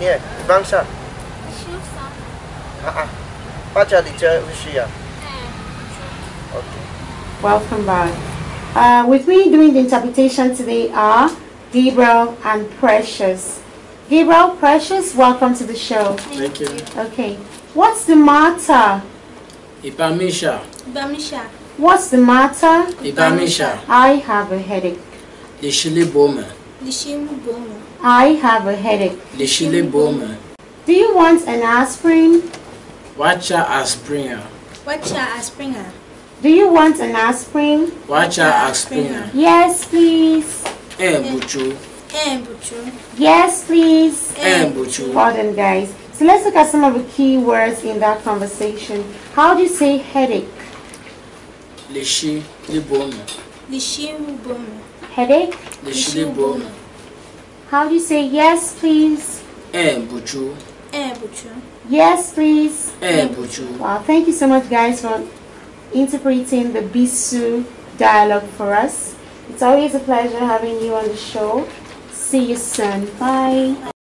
Nie, Bansza. Szusa. A-a. Ah, ah. Pacha Ushia. Eh, okay. Welcome back. Uh, with me doing the interpretation today are Gabriel and Precious. Gabriel, Precious, welcome to the show. Thank you. Okay. What's the matter? Ibamisha. Ibamisha. What's the matter? Ibamisha. I have a headache. The Shiliboma. Lishile I have a headache. Lishile Do you want an aspirin? Watcha aspirin. Watcha aspirin. Do you want an aspirin? Watcha aspirin. Yes, please. Eh, Buchu. Eh, Buchu. Yes, please. Eh, eh Buchu. Pardon, guys. So let's look at some of the key words in that conversation. How do you say headache? Lishi Libomi. Lishi Libomi. Headache? Yeshilibo. How do you say yes, please? Ebuchu. Eh, Ebuchu. Eh, yes, please. Ebuchu. Eh, wow, thank you so much, guys, for interpreting the Bisu dialogue for us. It's always a pleasure having you on the show. See you soon. Bye.